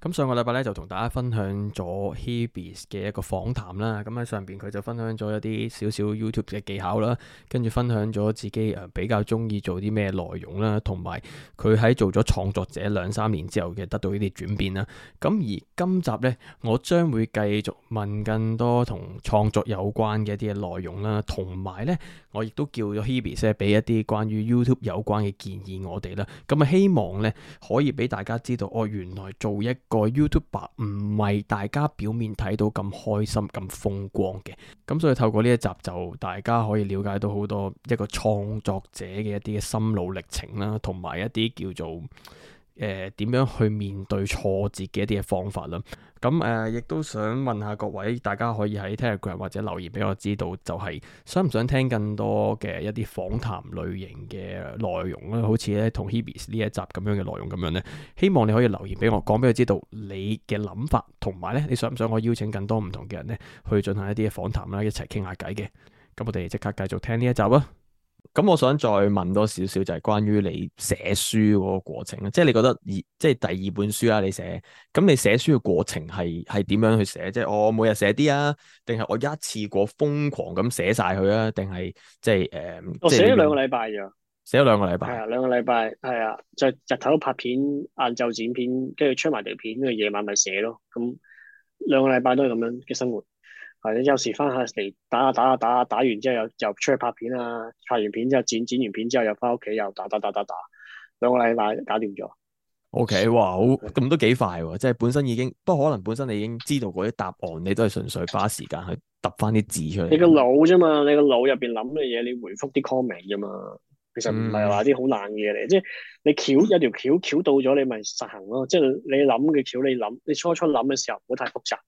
咁上個禮拜咧就同大家分享咗 Hebe 嘅一個訪談啦，咁喺上邊佢就分享咗一啲少少 YouTube 嘅技巧啦，跟住分享咗自己誒比較中意做啲咩內容啦，同埋佢喺做咗創作者兩三年之後嘅得到呢啲轉變啦。咁而今集呢，我將會繼續問更多同創作有關嘅一啲嘅內容啦，同埋呢，我亦都叫咗 Hebe 俾一啲關於 YouTube 有關嘅建議我哋啦，咁啊希望呢，可以俾大家知道哦，原來做一個 YouTuber 唔係大家表面睇到咁開心咁風光嘅，咁所以透過呢一集就大家可以了解到好多一個創作者嘅一啲嘅心路歷程啦，同埋一啲叫做誒點樣去面對挫折嘅一啲嘅方法啦。咁誒，亦、嗯、都想問下各位，大家可以喺 Telegram 或者留言俾我知道，就係想唔想聽更多嘅一啲訪談類型嘅內容咧？嗯、好似咧同 Hebe 呢一集咁樣嘅內容咁樣咧，希望你可以留言俾我，講俾我知道你嘅諗法，同埋咧你想唔想我邀請更多唔同嘅人咧去進行一啲訪談啦，一齊傾下偈嘅。咁我哋即刻繼續聽呢一集啊！咁我想再問多少少，就係關於你寫書嗰個過程啊，即係你覺得二即係第二本書啦、啊，你寫咁你寫書嘅過程係係點樣去寫？即係我每日寫啲啊，定係我一次過瘋狂咁寫晒佢啊？定係即係誒？嗯、我寫咗兩個禮拜咋，寫咗兩個禮拜、啊，兩個禮拜係啊，就日頭拍片，晏晝剪片，跟住出埋條片，跟住夜晚咪寫咯。咁兩個禮拜都係咁樣嘅生活。或者有時翻下嚟打下、啊、打下、啊、打下、啊，打完之後又又出去拍片啊，拍完片之後剪剪完片之後又翻屋企又打打打打打，兩個禮拜搞掂咗。OK，哇好，咁都幾快喎，即係本身已經，不過可能本身你已經知道嗰啲答案，你都係純粹花時間去揼翻啲字出嚟。你個腦啫嘛，你個腦入邊諗嘅嘢，你回覆啲 comment 啫嘛。其實唔係話啲好難嘅嘢嚟，嗯、即係你橋有條橋橋到咗，你咪實行咯。即係你諗嘅橋，你諗，你初初諗嘅時候唔好太複雜。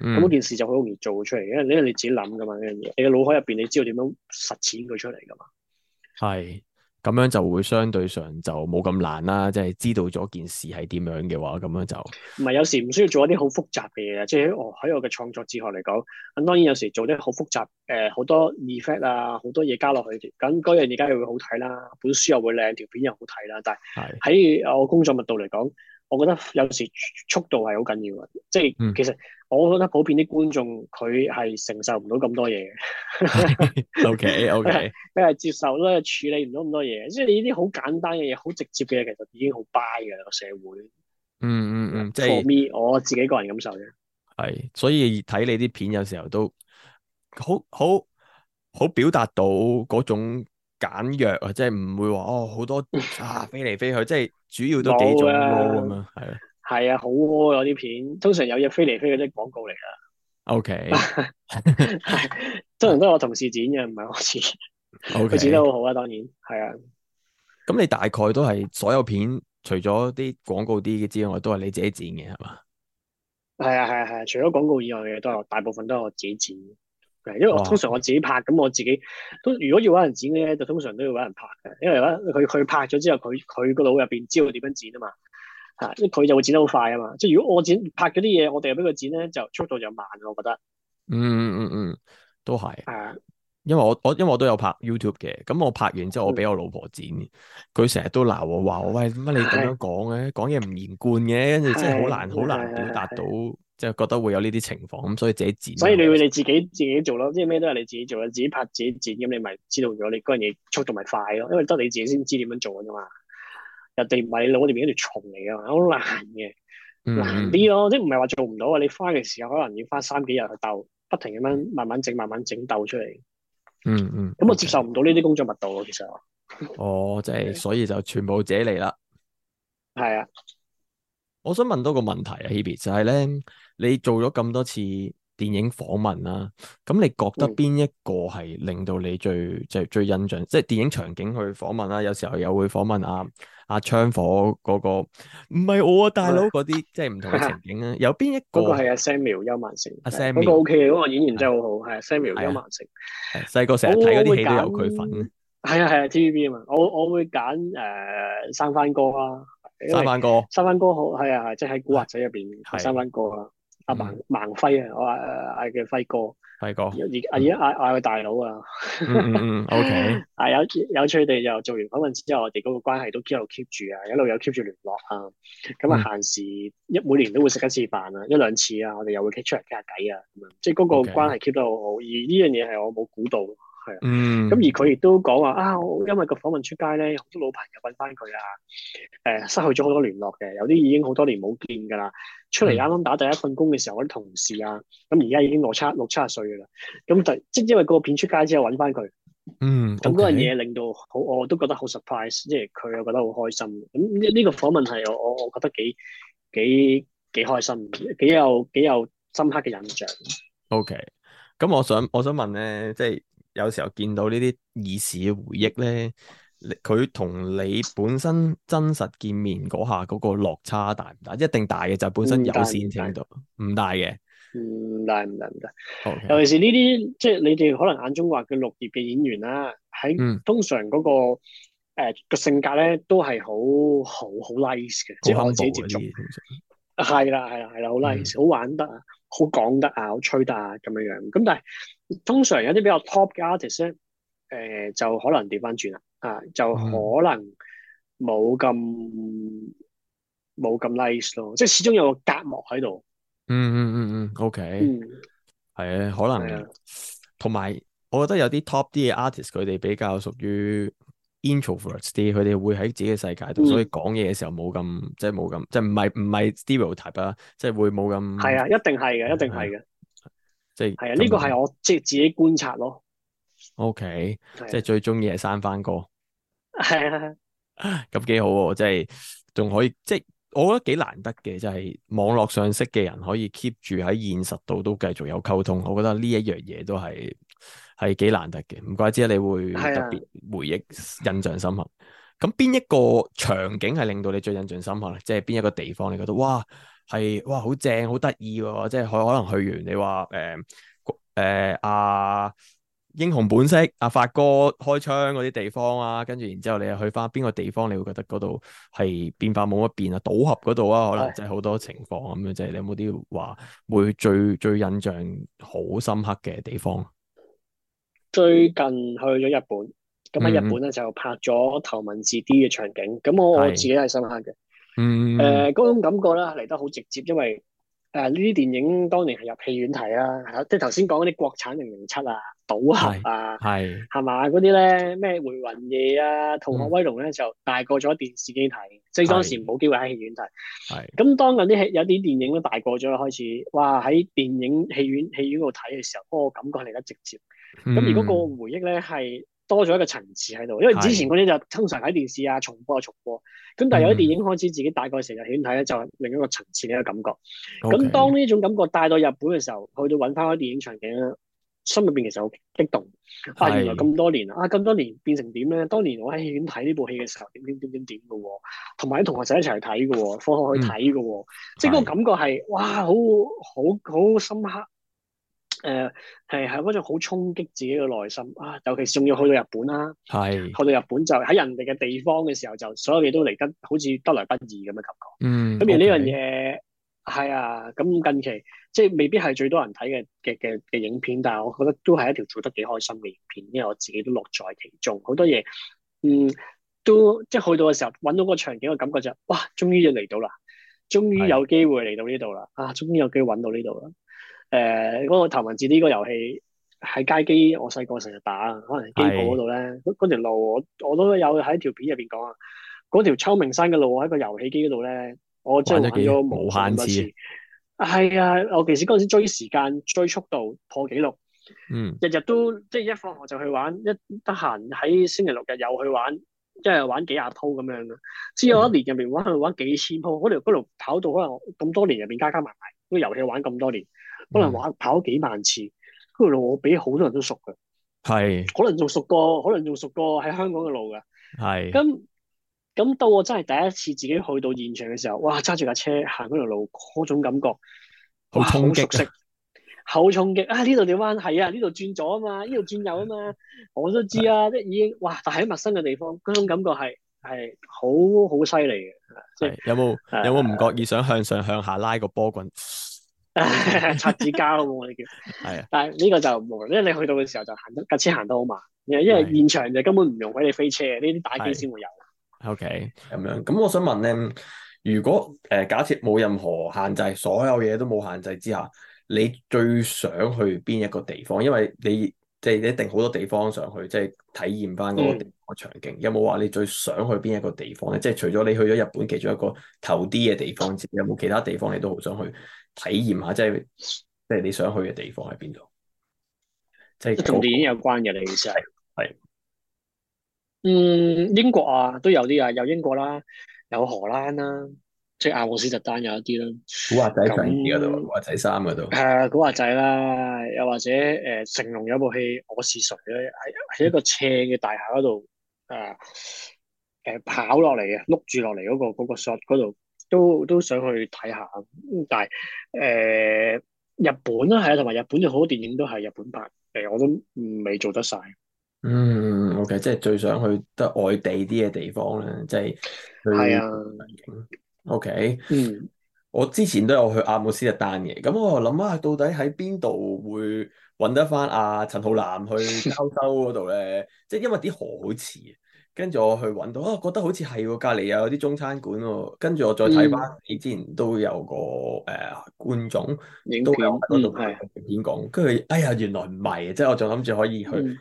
咁、嗯、件事就好容易做出嚟，因為呢樣你自己諗噶嘛，呢樣嘢，你嘅腦海入邊你知道點樣實踐佢出嚟噶嘛。係，咁樣就會相對上就冇咁難啦，即係知道咗件事係點樣嘅話，咁樣就唔係有時唔需要做一啲好複雜嘅嘢，即係我喺我嘅創作哲學嚟講，咁當然有時做啲好複雜誒，好、呃、多 effect 啊，好多嘢加落去，咁嗰樣而家又會好睇啦，本書又會靚，條片又好睇啦，但係喺我工作密度嚟講。是我覺得有時速度係好緊要嘅，即係其實我覺得普遍啲觀眾佢係承受唔到咁多嘢嘅。OK，OK，佢係接受咧，處理唔到咁多嘢，即係你呢啲好簡單嘅嘢，好直接嘅嘢，其實已經好 buy 㗎啦，個社會。嗯嗯嗯，嗯嗯 For me, 即係我我自己個人感受啫。係，所以睇你啲片有時候都好好好表達到嗰種。簡約、哦、啊，即係唔會話哦，好多啊飛嚟飛去，即係主要都幾種貓咁樣，係咯，係啊的，好啊，啲片通常有嘢飛嚟飛去都係廣告嚟㗎。O Okay . K， 通常都係我同事剪嘅，唔係我剪，佢 Okay. 剪得好好啊，當然係啊。咁你大概都係所有片，除咗啲廣告啲嘅之外，都係你自己剪嘅係嘛？係啊係啊係啊，除咗廣告以外嘅嘢，都係大部分都係我自己剪。因為我通常我自己拍，咁我自己都如果要搵人剪嘅咧，就通常都要搵人拍嘅。因為咧，佢佢拍咗之後，佢佢個腦入邊知道點樣剪啊嘛，吓，即係佢就會剪得好快啊嘛。即係如果我剪拍咗啲嘢，我哋又俾佢剪咧，就速度就慢。我覺得，嗯嗯嗯，嗯，都係。啊，因為我我因為我都有拍 YouTube 嘅，咁我拍完之後我俾我老婆剪，佢成日都鬧我的話我喂，乜你咁樣講嘅，講嘢唔連貫嘅，跟住真係好難好難表達到。即係覺得會有呢啲情況，咁所以自己剪。所以你會你自己自己做咯，即係咩都係你自己做，自己自己你，你，你自己拍自己剪咁，你咪知道咗你嗰樣嘢速度咪快咯，因為得你自己先知點樣做噶啫嘛。人哋唔係你腦入邊一條蟲嚟噶嘛，好難嘅，難啲咯，即係唔係話做唔到啊？你花嘅時候可能要花三幾日去鬥，不停咁樣慢慢整，慢慢整鬥出嚟、嗯。嗯嗯。咁我接受唔到呢啲工作密度啊，其實我。哦，即係所以就全部自己嚟啦。係啊、嗯。我想問多個問題啊，Hebe 就係、是、咧。你做咗咁多次電影訪問啦，咁你覺得邊一個係令到你最即係最印象，即係電影場景去訪問啦？有時候又會訪問阿阿槍火嗰個，唔係我啊大佬嗰啲，即係唔同嘅情景啊。有邊一個係阿 Samuel 邱曼城？阿 Samuel 嗰個 O K，嗰個演員真係好好，係 Samuel 邱曼城。細個成日睇嗰啲戲都有佢份。係啊係啊，T V B 啊嘛，我我會揀誒生番哥啊，生番哥，生番哥好係啊係，即係喺古惑仔入邊生番哥啊。阿孟孟輝啊，我話誒嗌佢輝哥，輝哥，而家嗌嗌佢大佬啊。o、啊、K。係、啊啊、有有趣地又做完訪問之後，我哋嗰個關係都 keep keep 住啊，一路有 keep 住聯絡啊。咁啊閒時一每年都會食一次飯啊，一兩次啊，我哋又會出嚟傾下偈啊。咁樣即係嗰個關係 keep 得好好。Okay. 而呢樣嘢係我冇估到，係啊。咁、嗯、而佢亦都講話啊，我因為個訪問出街咧，好多老朋友揾翻佢啊。誒、呃，失去咗好多聯絡嘅，有啲已經好多年冇見噶啦。出嚟啱啱打第一份工嘅時候，啲、嗯、同事啊，咁而家已經六七六七十歲嘅啦。咁第即係因為個片出街之後揾翻佢，嗯，咁嗰樣嘢令到好，我都覺得好 surprise，即係佢又覺得好開心。咁呢個訪問係我我覺得幾幾幾開心，幾有幾有深刻嘅印象。OK，咁我想我想問咧，即、就、係、是、有時候見到呢啲兒時嘅回憶咧。佢同你本身真實見面嗰下嗰、那個落差大唔大？一定大嘅就係、本身友善程度，唔大嘅，唔大唔大唔大。Okay. 尤其是呢啲即係你哋可能眼中話叫綠葉嘅演員啦，喺通常嗰、那個誒、嗯呃、性格咧都係好好好 nice 嘅，只係自己接觸，係啦係啦係啦，好 nice，好玩得啊，好講得啊，好吹得啊咁樣樣。咁但係通常有啲比較 top 嘅 artist 咧，誒、呃、就可能調翻轉啦。啊，就可能冇咁冇咁 nice 咯，即係始終有個隔膜喺度，嗯。嗯、okay. 嗯嗯嗯，OK，係啊，可能同埋，的我覺得有啲 top 啲嘅 artist，佢哋比較屬於 introvert 啲，佢哋會喺自己嘅世界度，的所以講嘢嘅時候冇咁，的即係冇咁，即係唔係唔係 stereotype 啊，即係會冇咁。係啊，一定係嘅，一定係嘅。即係係啊，呢、這個係我即係自己觀察咯。OK，即係最中意係山翻個。係啊，咁幾好，即係仲可以，即係我覺得幾難得嘅，即係網絡上識嘅人可以 keep 住喺現實度都繼續有溝通，我覺得呢一樣嘢都係係幾難得嘅。唔怪之啦，你會特別回憶、印象深刻。咁邊是的 一個場景係令到你最印象深刻咧？即係邊一個地方你覺得哇係哇好正、好得意嘅？即係可可能去完你話誒誒阿。呃呃啊英雄本色，阿、啊、發哥開槍嗰啲地方啊，跟住然之後你又去翻邊個地方，你會覺得嗰度係變化冇乜變啊？島合嗰度啊，可能真係好多情況咁樣，即係是你有冇啲話會最最印象好深刻嘅地方？最近去咗日本，咁喺、嗯、日本咧就拍咗頭文字 D 嘅場景，咁我、嗯、我自己都係深刻嘅。嗯，誒、呃，嗰種感覺咧嚟得好直接，因為。誒，呢啲、啊、電影當年係入戲院睇啊，即係頭先講嗰啲國產零零七啊、賭俠啊，係係嘛嗰啲咧，咩回魂夜啊、逃學威龍咧就大過咗電視機睇，是即係當時冇機會喺戲院睇。係咁當嗰啲有啲電影都大過咗開始，哇喺電影戲院戲院度睇嘅時候，嗰、嗰個感覺嚟得直接。咁如果個回憶咧係。多咗一個層次喺度，因為之前嗰啲就通常睇電視啊重播啊重播，咁但係有啲電影開始自己大概成日去睇咧，就另一個層次嘅感覺。咁、嗯、當呢種感覺帶到日本嘅時候，去到揾翻個電影場景咧，心入邊其實好激動。啊，發現原來咁多年啊，咁多年變成點咧？當年我喺戲院睇呢部戲嘅時候，點點點點點嘅喎，同埋啲同學仔一齊睇嘅喎，放學去睇嘅喎，嗯、即係嗰個感覺係、嗯、是哇，好好好，好深刻。誒，係係嗰種好衝擊自己嘅內心啊！尤其是仲要去到日本啦，係去到日本就喺人哋嘅地方嘅時候，就所有嘢都嚟得好似得來不易咁嘅感覺。嗯，咁而呢樣嘢係啊，咁近期即係未必係最多人睇嘅嘅嘅嘅影片，但係我覺得都係一條做得幾開心嘅影片，因為我自己都樂在其中。好多嘢，嗯，都即係去到嘅時候，揾到個場景嘅感覺就，哇！終於要嚟到啦，終於有機會嚟到呢度啦，啊！終於有機會揾到呢度啦。誒，嗰、呃那個《頭文字 D》呢個遊戲喺街機，我細個成日打，可能喺機鋪嗰度咧，嗰嗰條路我我都有喺條片入邊講啊。嗰條秋名山嘅路喺個遊戲機嗰度咧，我真係玩咗無限次。係啊，我其實嗰陣時追時間，追速度，破紀錄。嗯，日日都即係一放學就去玩，一得閒喺星期六日又去玩，一日玩幾廿鋪咁樣啦。之後一年入邊玩去玩幾千鋪，嗰條條跑道可能咁多年入邊加加埋埋，那個遊戲玩咁多年。可能玩跑咗幾萬次，嗰條路我比好多人都熟嘅，係是，可能仲熟過，可能仲熟過喺香港嘅路嘅，係是。咁咁到我真係第一次自己去到現場嘅時候，哇！揸住架車行嗰條路嗰種感覺，好衝擊，好熟悉呵呵衝擊啊！呢度掉彎係啊，呢度轉左啊嘛，呢度轉右啊嘛，我都知啊，即係已經哇！但喺陌生嘅地方嗰種感覺係係好好犀利嘅。係有冇有冇唔覺意想向上向下拉個波棍？拆紙膠咯，我哋叫。係啊，但係呢個就冇，因為你去到嘅時候就行，架車行得好慢。因為現場就根本唔用俾你飛車，呢啲打機先會有。O K，咁樣。咁、okay. 我想問咧，如果誒、呃、假設冇任何限制，所有嘢都冇限制之下，你最想去邊一個地方？因為你即係、就是、一定好多地方想去，即、就、係、是、體驗翻嗰個場景。嗯、有冇話你最想去邊一個地方咧？即、就、係、是、除咗你去咗日本，其中一個頭啲嘅地方之外，有冇其他地方你都好想去？體驗下，即係即係你想去嘅地方喺邊度？即係同電影有關嘅。你意思係，係嗯，英國啊，都有啲啊，有英國啦，有荷蘭啦，即係阿姆斯特丹有一啲啦。古惑仔二嗰度，古惑仔三嗰度，誒古惑仔啦，又或者誒成龍有部戲我是誰咧，喺喺一個斜嘅大廈嗰度誒誒跑落嚟嘅，碌住落嚟嗰個嗰個 shot 嗰度。都都想去睇下，但係誒、呃、日本啦，係啊，同埋日本有好多電影都係日本拍，誒我都未做得晒。嗯，OK，即係最想去得外地啲嘅地方咧，即係去環境。啊、OK，嗯，我之前都有去阿姆斯特丹嘅，咁我就諗啊，到底喺邊度會揾得返阿、啊、陳浩南去歐洲嗰度咧？即係 因為啲河好似。跟住我去揾到、啊，我覺得好似係喎，隔離有啲中餐館喎、啊。跟住我再睇翻你之前都有個誒、呃、觀眾影表都有喺嗰度片講，跟住哎呀原來唔係，即係我仲諗住可以去，嗯、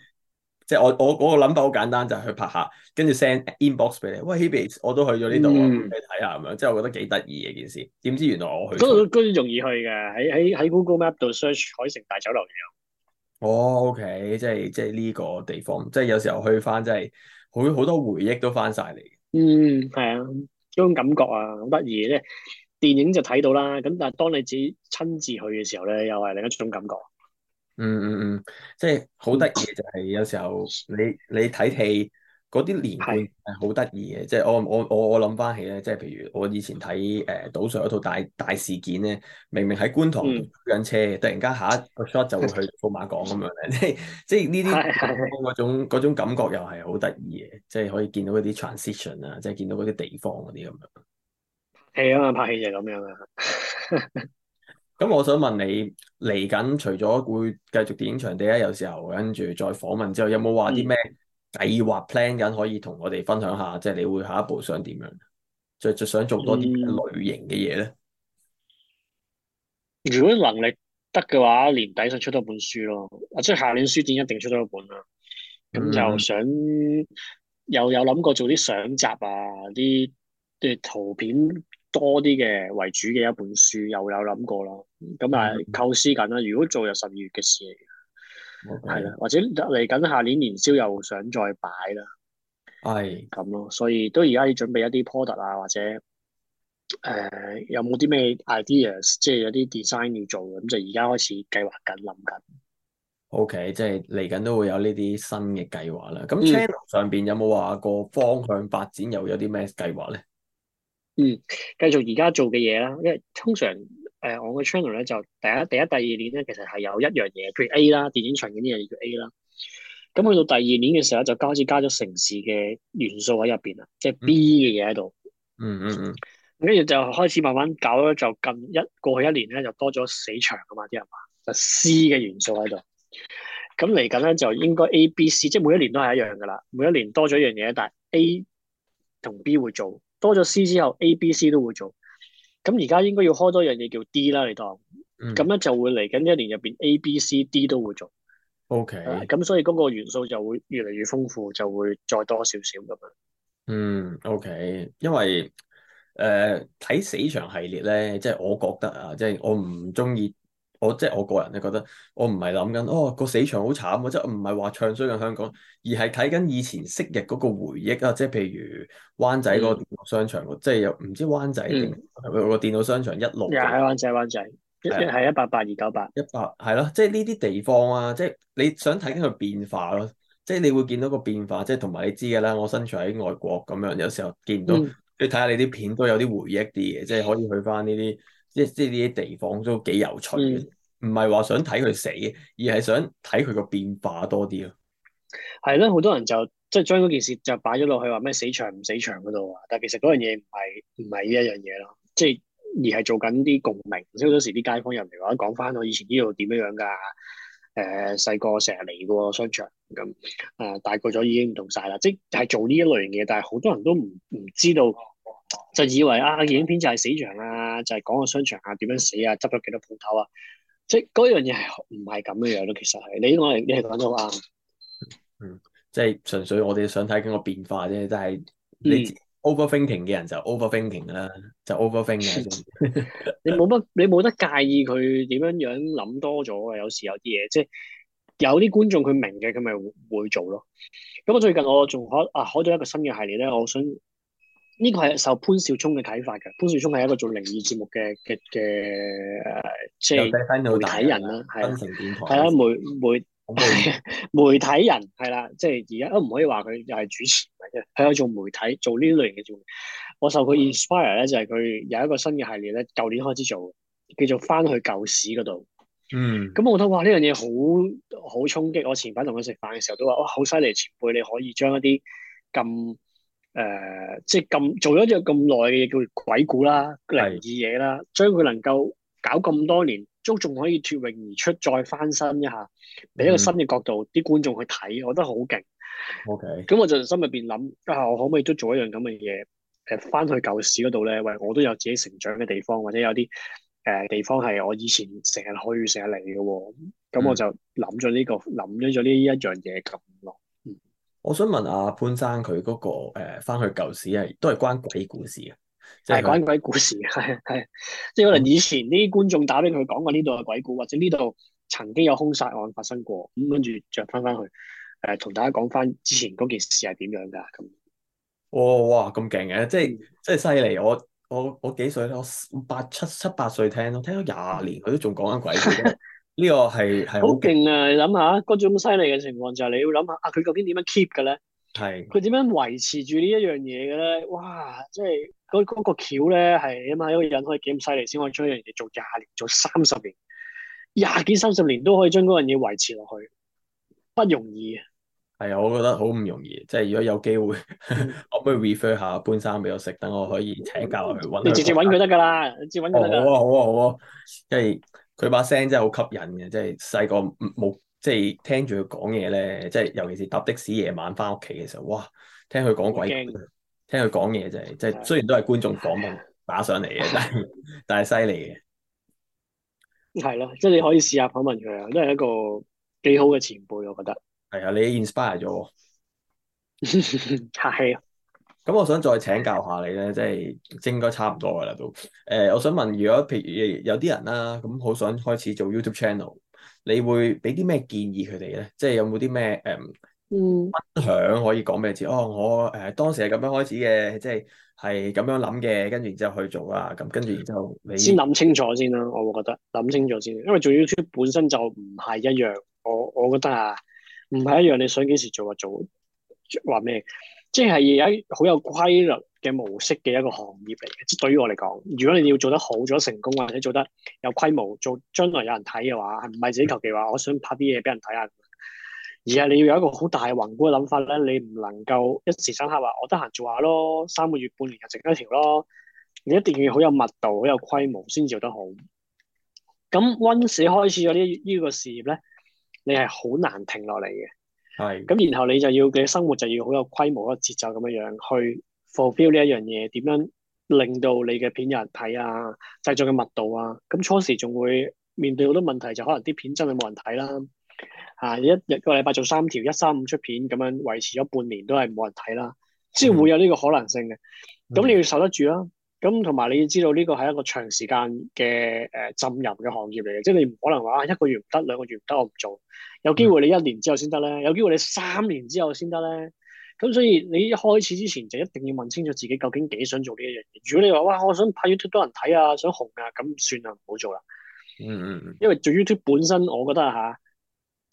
即係我我我個諗法好簡單，就係、是、去拍下，跟住 send inbox 俾你。喂，Hebe 我都去咗呢度，你睇下咁樣。即係我覺得幾得意嘅件事。點知原來我去嗰個容易去嘅，喺喺喺 Google Map 度 search 海城大酒樓又有。哦，OK，即係即係呢個地方，即係有時候去翻即係。好好多回憶都翻晒嚟，嗯，係啊，嗰種感覺啊，好得意嘅。即係電影就睇到啦，咁但係當你自己親自去嘅時候咧，又係另一種感覺。嗯嗯嗯，即係好得意，就係有時候你你睇戲。嗰啲年代係好得意嘅，即係我我我我諗翻起咧，即係譬如我以前睇誒《島、呃、上》嗰套大大事件咧，明明喺觀塘推緊車，嗯、突然間下一個 shot 就會去數碼港咁樣咧， 即係即係呢啲嗰種的種，種，種感覺又係好得意嘅，即係可以見到嗰啲 transition 啊，即係見到嗰啲地方嗰啲咁樣。係啊，拍戲就係咁樣啦。咁 我想問你嚟緊，除咗會繼續電影場地咧，有時候跟住再訪問之後，有冇話啲咩？嗯計劃 plan 緊，可以同我哋分享下，即係你會下一步想點樣？最最想做多啲類型嘅嘢咧？如果能力得嘅話，年底想出多本書咯，即係下年書展一定出多一本啦。咁、嗯、就想又有諗過做啲相集啊，啲嘅圖片多啲嘅為主嘅一本書，又有諗過咯。咁啊，構思緊啦。如果做就十二月嘅事。嚟。係啦，Okay. 或者嚟緊下年年宵又想再擺啦，係咁咯，所以都而家要準備一啲 product 啊，或者誒、呃、有冇啲咩 ideas，即係有啲 design 要做嘅，咁就而家開始計劃緊諗緊。OK，即係嚟緊都會有呢啲新嘅計劃啦。咁 channel 上邊有冇話個方向發展又有啲咩計劃咧？嗯，繼續而家做嘅嘢啦，因為通常。誒、呃，我嘅 channel 咧就第一、第一、第二年咧，其實係有一樣嘢譬如 A 啦，電影場景呢樣嘢叫 A 啦。咁去到第二年嘅時候，就開始加咗城市嘅元素喺入邊啦，即係 B 嘅嘢喺度。嗯嗯嗯，跟住就開始慢慢搞啦。就近一過去一年咧，就多咗死場噶嘛，啲人話就是、C 嘅元素喺度。咁嚟緊咧就應該 A、B、C，即係每一年都係一樣噶啦。每一年多咗一樣嘢，但係 A 同 B 會做，多咗 C 之後，A、B、C 都會做。咁而家應該要開多樣嘢叫 D 啦，你當咁、嗯、樣就會嚟緊一年入邊 A、B、C、D 都會做。O.K. 咁、uh, 所以嗰個元素就會越嚟越豐富，就會再多少少咁樣。嗯，O.K. 因為誒睇、呃、死場系列咧，即、就、係、是、我覺得啊，即、就、係、是、我唔中意。我即係我個人咧覺得，我唔係諗緊哦、嗰個死場好慘啊！即係唔係話唱衰緊香港，而係睇緊以前昔日嗰個回憶啊！即係譬如灣仔嗰個電腦商場、嗯、即係又唔知灣仔定、嗯、個電腦商場一路。喺灣仔，灣仔對，係一八八二九八。一百係啦，即係呢啲地方啊，即係你想睇緊個變化咯，即係你會見到個變化，即係同埋你知㗎啦。我身處喺外國咁樣，有時候見到，嗯、你睇下你啲片都有啲回憶啲嘅，即係可以去翻呢啲。即係即係呢啲地方都幾有趣，唔係話想睇佢死，而係想睇佢個變化多啲咯。係咯、嗯，好多人就即係、就是、將嗰件事就擺咗落去話咩死場唔死場嗰度啊，但係其實嗰樣嘢唔係唔係呢一樣嘢咯，即係而係做緊啲共鳴。即係好多時啲街坊入嚟話講翻我以，以前呢度點樣樣㗎？誒細個成日嚟個商場咁啊、呃，大個咗已經唔同晒啦。即係做呢一類嘢，但係好多人都唔唔知道。就以為啊，影片就係死場啊，就係、是、講個商場啊，點樣死啊，執咗幾多鋪頭啊，即係嗰樣嘢係唔係咁樣樣咯？其實係你我哋講咗話，嗯，即係純粹我哋想睇緊個變化啫。但係你 overthinking 嘅人就 overthinking 啦，嗯、就 overthinking 。你冇乜，你冇得介意佢點樣樣諗多咗啊？有時有啲嘢，即係有啲觀眾佢明嘅，佢咪會做咯。咁我最近我仲開啊，開咗一個新嘅系列咧，我想。呢個係受潘少聰嘅啟發嘅，潘少聰係一個做靈異節目嘅嘅嘅，即係媒體人啦，係啊，係媒媒媒體人係啦，即係而家都唔可以話佢又係主持，係啊，佢係做媒體做呢類型嘅節目。我受佢 inspire 咧、嗯，就係佢有一個新嘅系列咧，舊年開始做，叫做「翻去舊市」嗰度。嗯。咁我覺得哇，呢樣嘢好好衝擊！我前排同佢食飯嘅時候都話：哇，好犀利！前輩你可以將一啲咁……誒、呃，即係咁做咗只咁耐嘅嘢叫鬼故啦，靈異嘢啦，將佢是能夠搞咁多年，都仲可以脱穎而出，再翻身一下，俾一個新嘅角度啲、嗯、觀眾去睇，我覺得好勁。O K，咁我就心入邊諗，啊，我可唔可以都做一樣咁嘅嘢？誒、呃，翻去舊時嗰度咧，喂，我都有自己成長嘅地方，或者有啲誒、呃、地方係我以前成日去成日嚟嘅，咁我就諗咗呢個，諗咗咗呢一樣嘢咁耐。我想問阿、啊、潘生佢嗰、那個誒，翻、呃、去舊時係都係講鬼故事嘅，係講鬼故事，係係，即係可能以前啲觀眾打俾佢講過呢度嘅鬼故，或者呢度曾經有凶殺案發生過，咁跟住着翻翻去誒，同、呃、大家講翻之前嗰件事係點樣噶？咁、哦，哇哇咁勁嘅，即係即係犀利，我我我幾歲咧？我八七七八歲聽咯，我聽咗廿年，佢都仲講緊鬼故 呢個係係好勁啊！你諗下嗰種犀利嘅情況，就係你要諗下啊，佢究竟點樣 keep 嘅咧？係佢點樣維持住呢一樣嘢嘅咧？哇！即係嗰嗰個橋咧，係起碼一個人可以幾咁犀利，先可以將一樣嘢做廿年、做三十年、廿幾三十年都可以將嗰樣嘢維持落去，不容易嘅。係啊，我覺得好唔容易。即係如果有機會， 我可以 refer 下搬山俾我食，等我可以請教佢揾。你直接揾佢得㗎啦，直接揾佢得㗎。好啊，好啊，好啊，即係、啊。佢把聲真係好吸引嘅，即係細個冇即係聽住佢講嘢咧，即係尤其是搭的士夜晚翻屋企嘅時候，哇！聽佢講鬼，聽佢講嘢就係，的即係雖然都係觀眾訪問的打上嚟嘅，但係但係犀利嘅。係咯，即係你可以試下訪問佢啊，都係一個幾好嘅前輩，我覺得。係啊，你 inspire 咗我。客氣。 咁我想再請教下你咧，即係應該差唔多噶啦都。誒、呃，我想問，如果譬如有啲人啦、啊，咁好想開始做 YouTube channel，你會俾啲咩建議佢哋咧？即係有冇啲咩誒分享可以講咩字？哦、啊，我誒、呃、當時係咁樣開始嘅，即係係咁樣諗嘅，跟住然之後去做啊。咁跟住然之後，你先諗清楚先啦、啊。我覺得諗清楚先，因為做 YouTube 本身就唔係一樣。我我覺得啊，唔係一樣。你想幾時做啊？做話咩？即係有一好有規律嘅模式嘅一個行業嚟嘅，即係對於我嚟講，如果你要做得好、做得成功或者做得有規模、做將來有人睇嘅話，係唔係自己求其話我想拍啲嘢俾人睇下，而係你要有一個好大宏觀嘅諗法咧，你唔能夠一時三刻話我得閒做下咯，三個月半年就整一條咯，你一定要好有密度、好有規模先至做得好。咁温氏開始咗啲呢個事業咧，你係好難停落嚟嘅。係，咁然後你就要嘅生活就要好有規模、嘅節奏咁樣樣去 fulfill 呢一樣嘢，點樣令到你嘅片有人睇啊？製作嘅密度啊，咁初時仲會面對好多問題，就可能啲片真係冇人睇啦。吓、啊，一日一個禮拜做三條，一三五出片咁樣維持咗半年都係冇人睇啦，即係會有呢個可能性嘅，咁、嗯、你要受得住啦、啊。咁同埋你要知道呢個係一個長時間嘅誒、呃、浸淫嘅行業嚟嘅，即係你唔可能話一個月唔得，兩個月唔得，我唔做，有機會你一年之後先得咧，有機會你三年之後先得咧。咁所以你一開始之前就一定要問清楚自己究竟幾想做呢一樣嘢。如果你話哇我想拍 YouTube 多人睇啊，想紅啊，咁算啦唔好做啦。嗯嗯，因為做 YouTube 本身，我覺得嚇、啊、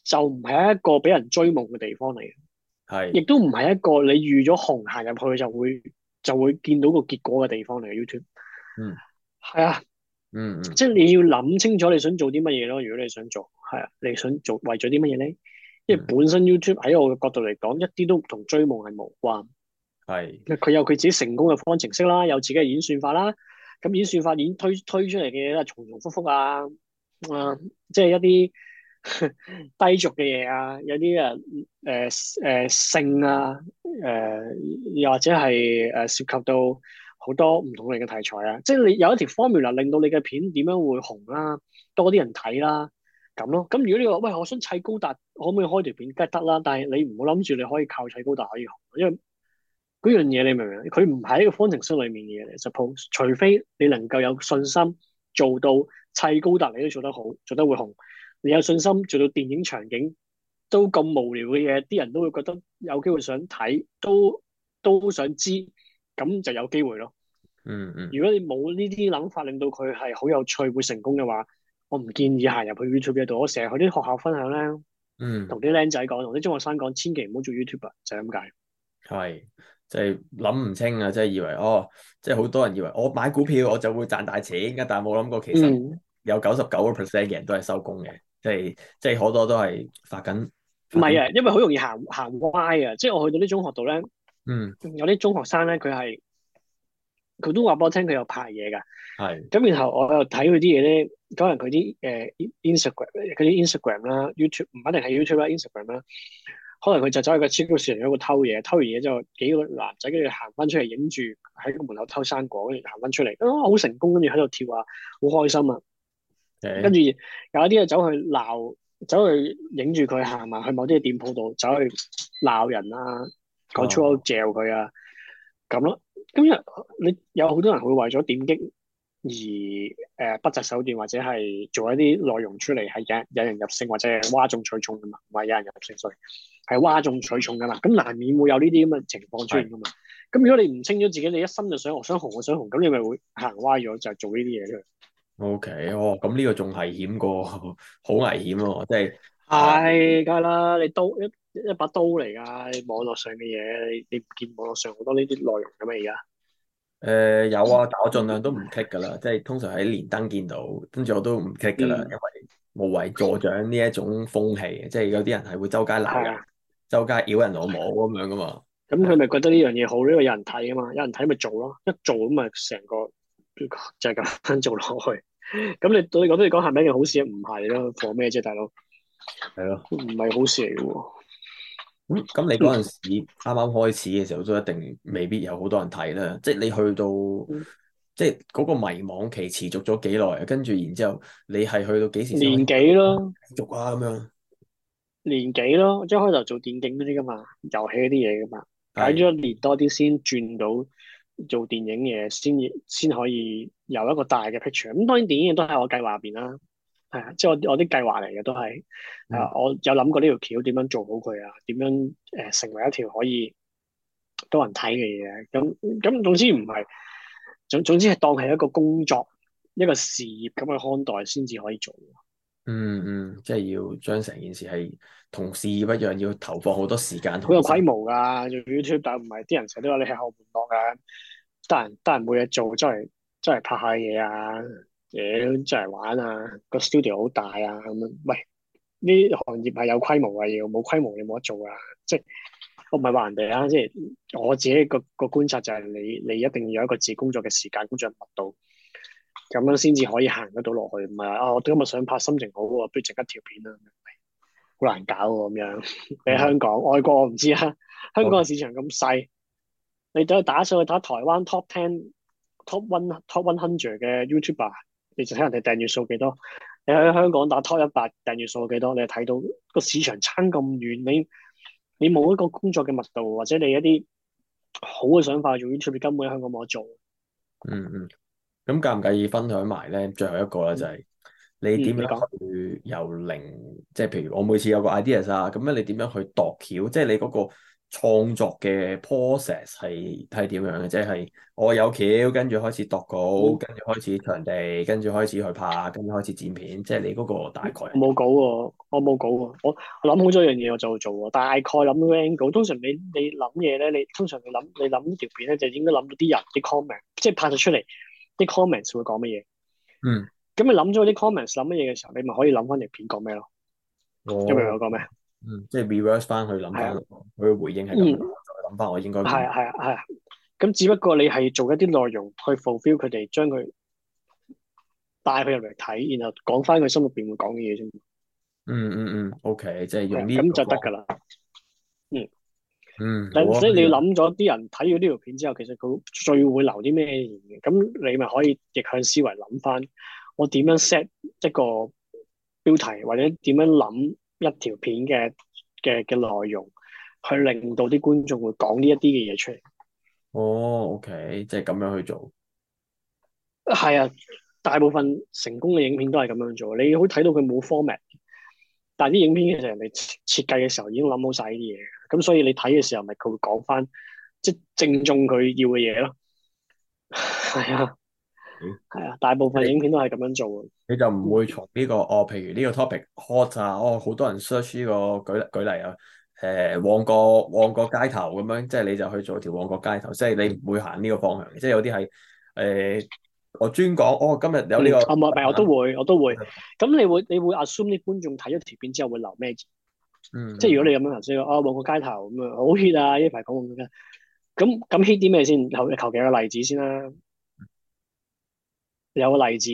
就唔係一個俾人追夢嘅地方嚟嘅。係。亦都唔係一個你預咗紅行入去就會。就會見到個結果嘅地方嚟嘅 YouTube，嗯，係啊，嗯，嗯，即係你要諗清楚你想做啲乜嘢咯。如果你想做，係啊，你想做為咗啲乜嘢咧？嗯、因為本身 YouTube 喺我嘅角度嚟講，一啲都同追夢係無關，係是。佢有佢自己成功嘅方程式啦，有自己嘅演算法啦。咁演算法演推推出嚟嘅嘢都重重複復啊，啊、呃，即、就、係、是、一啲。 低俗嘅嘢啊，有啲啊，誒、呃、誒、呃、性啊，誒、呃、又或者係誒、呃、涉及到好多唔同類嘅題材啊，即係你有一條 formula 令到你嘅片點樣會紅啦、啊，多啲人睇啦、啊，咁咯。咁如果你話喂，我想砌高達，可唔可以開條片？梗係得啦。但係你唔好諗住你可以靠砌高達可以紅，因為嗰樣嘢你明唔明？佢唔喺一個方程式裏面嘅嘢 suppose 除非你能夠有信心做到砌高達，你都做得好，做得會紅。你有信心做到電影場景都咁無聊嘅嘢，啲人都會覺得有機會想睇，都都想知，咁就有機會咯。嗯嗯。嗯，如果你冇呢啲諗法，令到佢係好有趣會成功嘅話，我唔建議行入去 YouTube 嘅度。我成日去啲學校分享咧，嗯，同啲僆仔講，同啲中學生講，千祈唔好做 YouTuber，就係咁解。係，就係諗唔清啊！即係以為哦，即係好多人以為我買股票我就會賺大錢，但係冇諗過其實有九十九個 percent 嘅人都係收工嘅。嗯即係即係好多都係發緊，唔係啊，因為好容易行行歪啊！即係我去到啲中學度咧，嗯，有啲中學生咧，佢係佢都話俾我聽佢有拍嘢噶，係咁的，然後我又睇佢啲嘢咧，可能佢啲誒 Instagram，佢啲 Instagram 啦，YouTube 唔一定係 YouTube 啦，Instagram 啦，可能佢就走去個超市入度偷嘢，偷完嘢之後，幾個男仔跟住行翻出嚟影住喺個門口偷生果，跟住行翻出嚟，啊好成功，跟住喺度跳啊，好開心啊！Yeah. 跟住有一啲啊，走去鬧，走去影住佢行埋去某啲店鋪度，走去鬧人啦，講粗口嚼佢啊，咁咯，oh。咁樣你有好多人會為咗點擊而誒不擇手段，或者係做一啲內容出嚟，係引引人入勝，或者係譁眾取寵噶嘛，唔係引人入勝，所以係譁眾取寵噶嘛。咁難免會有呢啲咁嘅情況出現噶嘛。咁的如果你唔清楚自己，你一心就想我想紅，我想紅，咁你咪會行歪咗，就係做呢啲嘢嘅。O K，哦，咁呢個仲危險過，好危險咯，即係係梗係啦，你刀一一把刀嚟噶，網絡上嘅嘢，你你唔見網絡上好多呢啲內容噶咩？而家誒有啊，但我盡量都唔 click 噶啦，即係通常喺連登見到，跟住我都唔 click 噶啦，因為無謂助長呢一種風氣，即係有啲人係會周街鬧嘅，周街妖人老母咁樣噶嘛。咁佢咪覺得呢樣嘢好，因為有人睇啊嘛，有人睇咪做咯，一做咁咪成個。就係咁做落去，咁 你對你講對你講，係咪一件好事？唔係咯，講咩啫，大佬？係咯的，唔係好事嚟嘅喎。咁咁、嗯，咁你嗰陣時啱啱開始嘅時候，都一定未必有好多人睇啦。即係你去到，嗯、即係嗰個迷惘期持續咗幾耐啊？跟住然之後，你係去到幾時？年幾咯？續啊，咁樣。年幾咯？即係開頭做電競嗰啲噶嘛，遊戲嗰啲嘢噶嘛，搞咗的一年多啲先轉到。做電影嘢先，先可以有一個大嘅 picture。咁當然電影都喺我計劃入邊啦，係啊，即係我我啲計劃嚟嘅都係，啊、嗯呃，我有諗過呢條橋點樣做好佢啊，點樣誒、呃、成為一條可以多人睇嘅嘢。咁咁總之唔係，總總之係當係一個工作，一個事業咁去看待先至可以做。嗯嗯，即係要將成件事係同事業一樣，要投放好多時間。有規模噶，做 YouTube，但唔係啲人成日都話你係後門檔噶，得閒得閒冇嘢做，周圍周圍拍下嘢啊，屌周圍玩啊，個 studio 好大啊咁樣，嗯。喂，呢行業係有規模啊，要冇規模你冇得做啊。即係我唔係話人哋啊，即係我自己個個觀察就係你你一定要有一個自己工作嘅時間，工作嘅密度。咁樣先至可以行得到落去，唔係啊！我今日想拍心情好好啊，不如整一條片啦，好、嗯、難搞喎咁樣。喺 香港，嗯、外國我唔知啊。香港嘅市場咁細，的你等去打上去打台灣 top ten、top one、top one hundred 嘅 YouTuber，你就睇人哋訂閱數幾多。你喺香港打 top 一百訂閱數幾多？你睇到個市場差咁遠，你你冇一個工作嘅密度，或者你一啲好嘅想法做 YouTuber 根本喺香港冇得做。嗯嗯。咁介唔介意分享埋咧？最後一個啦，就係你點樣去由零，嗯、即係譬如我每次有個 ideas 啊，咁咧你點樣去度橋？即係你嗰個創作嘅 process 係係點樣嘅？即係我有橋，跟住開始度稿，跟住開,開始場地，跟住開始去拍，跟住開始剪片。即係你嗰個大概冇稿喎、啊，我冇稿喎、啊，我諗好咗一樣嘢我就做喎。大概諗到 angle，通常你你諗嘢咧，你,呢你通常你諗你諗條片咧，就應該諗到啲人啲 comment，即係拍咗出嚟。啲 comments 會講乜嘢？嗯，咁你諗咗啲 comments 諗乜嘢嘅時候，你咪可以諗翻條片講咩咯？咁明唔明我講咩？嗯，即係 reverse 翻去諗翻佢嘅回應係咁諗翻我應該係係係，咁、啊啊啊、只不過你係做一啲內容去 fulfill 佢哋，將佢帶佢入嚟睇，然後講翻佢心入邊會講嘅嘢先。嗯嗯嗯，OK，即係用呢咁就得噶啦。嗯。嗯 okay, 嗯，所以表、啊、你諗咗啲人睇咗呢條片之後，其實佢最會留啲咩嘢？咁你咪可以逆向思維諗翻，我點樣 set 一個標題，或者點樣諗一條片嘅嘅嘅內容，去令到啲觀眾會講呢一啲嘅嘢出嚟。哦，OK，即係咁樣去做。係啊，大部分成功嘅影片都係咁樣做，你可以睇到佢冇 format。但啲影片其實人哋設計嘅時候已經諗好晒啲嘢，咁所以你睇嘅時候咪佢會講翻，即正中佢要嘅嘢咯。係啊，係啊，大部分影片都係咁樣做嘅。你就唔會從呢個哦，譬如呢個 topic hot 啊，哦好多人 search 呢個舉舉例啊，誒、呃、旺角旺角街頭咁樣，即係你就去做條旺角街頭，即係你唔會行呢個方向，即係有啲係誒。呃我專講，哦，今日有呢個、啊，唔係唔係，我都會，我都會。咁你會你會 assume 啲觀眾睇咗條片之後會留咩字？嗯。即係如果你咁樣頭先，哦，旺、啊、角街頭咁啊，好 hit 啊！依排講旺角，咁咁 hit 啲咩先？求求其個例子先啦。有個例子，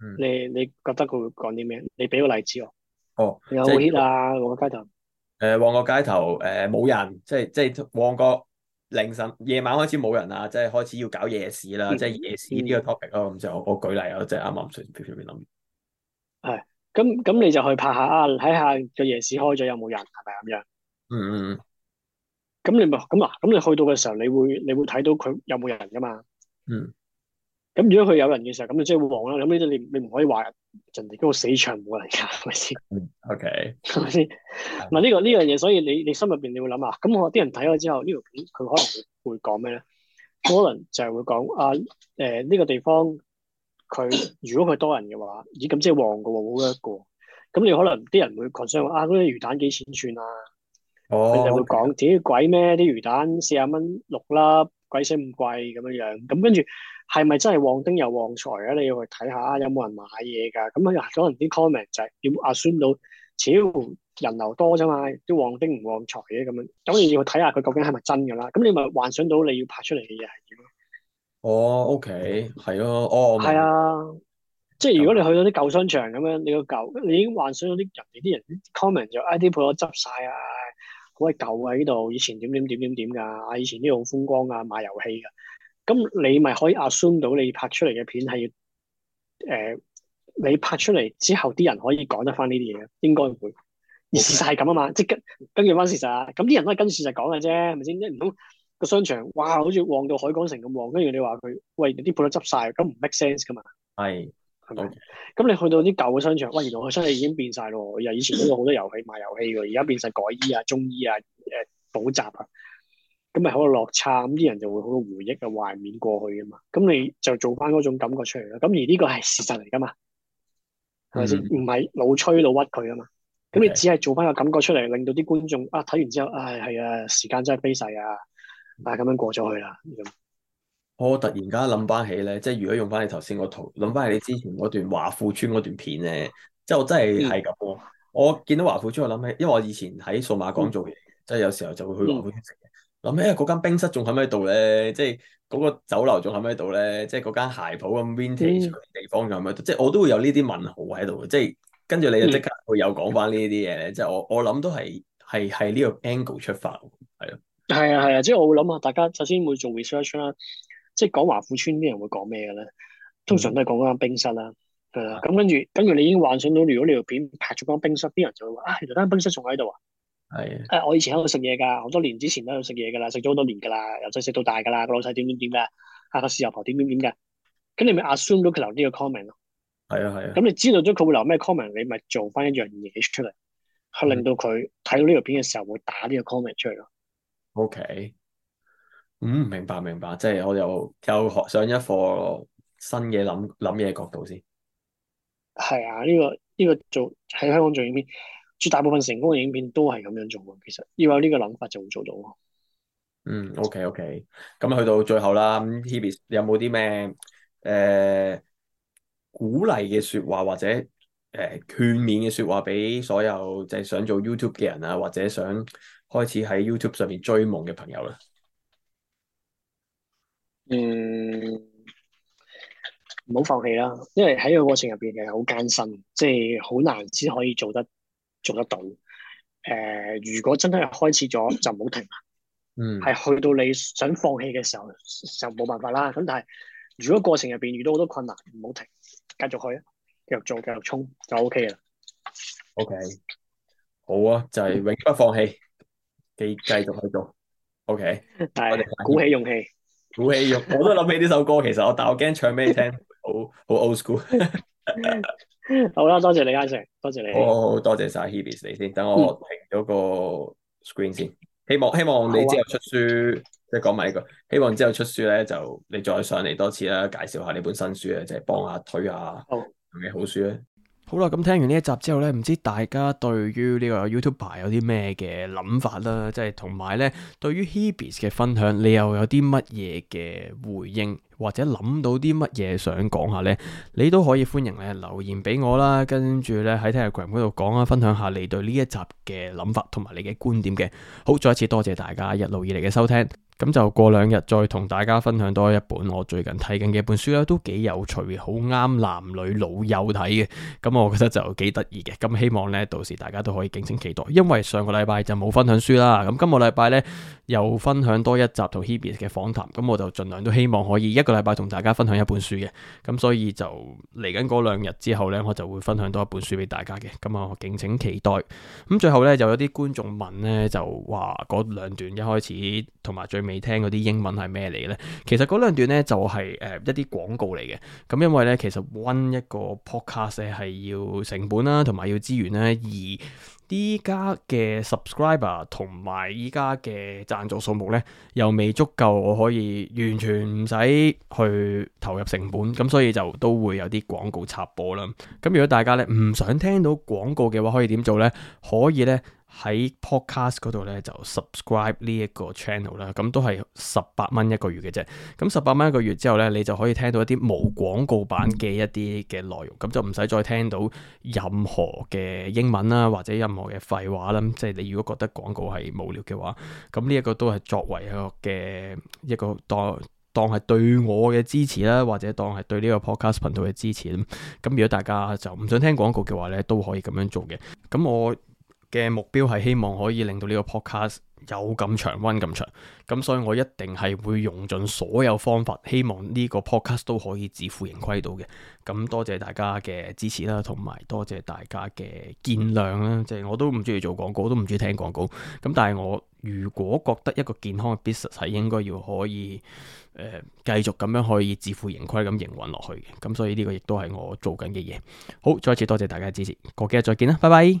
嗯、你你覺得佢會講啲咩？你俾個例子我。哦。有 hit 啊！旺角街頭。誒、呃，旺角街頭誒冇、呃、人，即係即係旺角。凌晨夜晚開始冇人啦，即係開始要搞夜市啦，嗯、即係夜市呢個 topic 咯、嗯。咁就我，我舉例啊，即係啱啱隨隨便諗。係，咁咁你就去拍下啊，睇下個夜市開咗有冇人，係咪咁樣？嗯嗯嗯。咁你咪咁嗱，咁你去到嘅時候，你會你會睇到佢有冇人㗎嘛？嗯。咁如果佢有人嘅時候，咁你即係旺啦。咁你你你唔可以話人哋嗰個死場冇人㗎，係咪先？OK，係咪先？嗱呢個呢樣嘢，所以你你心入邊你會諗啊。咁我啲人睇咗之後，呢條片佢可能會會講咩咧？可能就係會講啊誒呢個地方佢如果佢多人嘅話，咦咁即係旺嘅喎，好一個。咁你可能啲人會 concern 話啊，嗰啲魚蛋幾錢串啊？哦，佢就會講：自己鬼咩？啲魚蛋四十蚊六粒，鬼死咁貴咁樣樣。咁跟住。係咪真係旺丁又旺財啊？你要去睇下有冇人買嘢噶？咁、嗯、啊，可能啲 comment 就係、是、要啊，酸到，始終人流多啫嘛，啲旺丁唔旺財嘅咁樣，咁、嗯、你要睇下佢究竟係咪真噶啦？咁、嗯、你咪幻想到你要拍出嚟嘅嘢係點？哦，OK，係咯、啊，哦，係啊，這樣 即係如果你去到啲舊商場咁樣，你個舊你已經幻想到啲人哋啲人啲 comment 就哎啲鋪攞執曬啊，好、哎、鬼、哎、舊喺呢度，以前點點點點點㗎，啊以前啲好風光啊，買遊戲㗎。咁你咪可以 assume 到你拍出嚟嘅片係要，誒，你拍出嚟之後啲人可以講得翻呢啲嘢咧，應該會。而事實係咁啊嘛，即跟跟住翻事實啊。咁啲人都跟事實講嘅啫，係咪先？即唔通個商場哇，好似旺到海港城咁旺，跟住你話佢，喂，啲鋪都執晒，咁唔 make sense 噶嘛？係，係咪？咁你去到啲舊嘅商場，喂，原來佢商係已經變晒咯。又以前都有好多遊戲賣遊戲嘅，而家變晒改醫啊、中醫啊、誒補習啊。咁咪好有落差，咁啲人就會好多回憶嘅懷緬過去啊嘛。咁你就做翻嗰種感覺出嚟啦。咁而呢個係事實嚟噶嘛，係咪先？唔係老吹老屈佢啊嘛。咁、嗯、你只係做翻個感覺出嚟，令到啲觀眾啊睇完之後，唉、哎、係啊，時間真係飛逝啊，啊咁樣過咗去啦。我突然間諗翻起咧，即係如果用翻你頭先個圖，諗翻你之前嗰段華富村嗰段片咧，即係我真係係咁。嗯、我見到華富村，我諗起，因為我以前喺數碼港做嘢，嗯、即係有時候就會去華富村食嘢。嗯諗起嗰間冰室仲喺唔喺度咧？即係嗰、嗰個酒樓仲喺唔喺度咧？即係嗰間鞋鋪咁 Vintage 地方仲喺、嗯、即係我都會有呢啲問號喺度，即係跟住你就即刻會有講翻呢啲嘢咧。即係、嗯、我我諗都係係喺呢個 angle 出發喎，係咯、啊。啊係啊，即係我會諗下大家首先會做 research 啦。即係講華富村啲人會講咩嘅咧？通常都係講嗰間冰室啦。係、嗯、啊。咁、啊、跟住跟住，你已經幻想到如果你條片拍咗間冰室，啲人就會話：啊，原來間冰，冰室仲喺度啊！.係，誒，我以前喺度食嘢㗎，好多年之前都喺度食嘢㗎啦，食咗好多年㗎啦，由細食到大㗎啦，個老細點點點㗎，啊個豉油婆點點點㗎，咁你咪 assume 到佢留呢個 comment 咯，係啊係啊，咁你知道咗佢會留咩 comment，你咪做翻一樣嘢出嚟，去、嗯、令到佢睇到呢條片嘅時候會打呢個 comment 出嚟咯。OK，嗯，明白明白，即係我又又學上一課新嘅諗諗嘢角度先。係啊，呢個呢個做喺香港做影片。絕大部分成功嘅影片都係咁樣做嘅，其實要有呢個諗法就會做到。嗯，OK，OK。咁、okay, okay. 去到最後啦。咁 Hebe 有冇啲咩誒鼓勵嘅說話或者誒勸勉嘅說話俾所有即係想做 YouTube 嘅人啊，或者想開始喺 YouTube 上面追夢嘅朋友咧？嗯，唔好放棄啦，因為喺個過程入邊其實好艱辛，即係好難先可以做得。做得到，誒、呃，如果真係開始咗就唔好停啦，係、嗯、去到你想放棄嘅時候就冇辦法啦。咁但係如果過程入邊遇到好多困難，唔好停，繼續去啊，繼續做，繼續衝就 OK 啦。OK，好啊，就係、是、永不放棄，繼繼 續去做。OK，但係是鼓起勇氣，鼓起勇，我都諗起呢首歌， 其實我但我驚唱畀你聽，好好，好 old school。 好啦，多謝李嘉誠，多謝你。Sir, 謝你好，好，好，多謝晒 Hebe，、ah、你先，等我停咗個 screen 先。希望希望你之後出書，即係講埋呢個。希望之後出書咧，就你再上嚟多次啦，介紹下呢本新書啊，即、就、係、是、幫下推下，係咪好，好書咧？好啦，咁聽完呢一集之後咧，唔知大家對於呢個 YouTube 牌，有啲咩嘅諗法啦，即係同埋咧，對於 Hebe 嘅分享，你又有啲乜嘢嘅回應，或者諗到啲乜嘢想講下咧，你都可以歡迎咧留言俾我啦，跟住咧喺 Telegram 嗰度講啊，分享下你對呢一集嘅諗法同埋你嘅觀點嘅。好，再一次多謝大家一路以嚟嘅收聽。咁就過兩日再同大家分享多一本我最近睇緊嘅一本書啦，都幾有趣，好啱男女老幼睇嘅。咁我覺得就幾得意嘅。咁希望咧，到時大家都可以敬請期待。因為上個禮拜就冇分享書啦，咁今個禮拜咧又分享多一集同 Hebe 嘅訪談。咁我就盡量都希望可以一個禮拜同大家分享一本書嘅。咁所以就嚟緊嗰兩日之後咧，我就會分享多一本書俾大家嘅。咁啊敬請期待。咁最後咧就有啲觀眾問咧，就話嗰兩段一開始同埋最。未聽嗰啲英文係咩嚟咧？其實嗰兩段咧就係誒一啲廣告嚟嘅。咁因為咧，其實 run 一個 podcast 係要成本啦，同埋要資源啦。而依家嘅 subscriber 同埋依家嘅贊助數目咧，又未足夠，我可以完全唔使去投入成本。咁所以就都會有啲廣告插播啦。咁如果大家咧唔想聽到廣告嘅話，可以點做咧？可以咧。喺 podcast 嗰度咧就 subscribe 呢一個 channel 啦，咁都係十八蚊一個月嘅啫。咁十八蚊一個月之後咧，你就可以聽到一啲冇廣告版嘅一啲嘅內容，咁就唔使再聽到任何嘅英文啦，或者任何嘅廢話啦。即係你如果覺得廣告係無聊嘅話，咁呢一個都係作為一個嘅一個當當係對我嘅支持啦，或者當係對呢個 podcast 頻道嘅支持。咁如果大家就唔想聽廣告嘅話咧，都可以咁樣做嘅。咁我嘅目標係希望可以令到呢個 podcast 有咁長温咁長，咁所以我一定係會用盡所有方法，希望呢個 podcast 都可以自負盈虧到嘅。咁多謝大家嘅支持啦，同埋多謝大家嘅見諒啦。即係我都唔中意做廣告，我都唔中意聽廣告。咁但係我如果覺得一個健康嘅 business 係應該要可以誒繼續咁樣可以自負盈虧咁營運落去嘅，咁所以呢個亦都係我做緊嘅嘢。好，再一次多謝大家支持，過幾日再見啦，拜拜。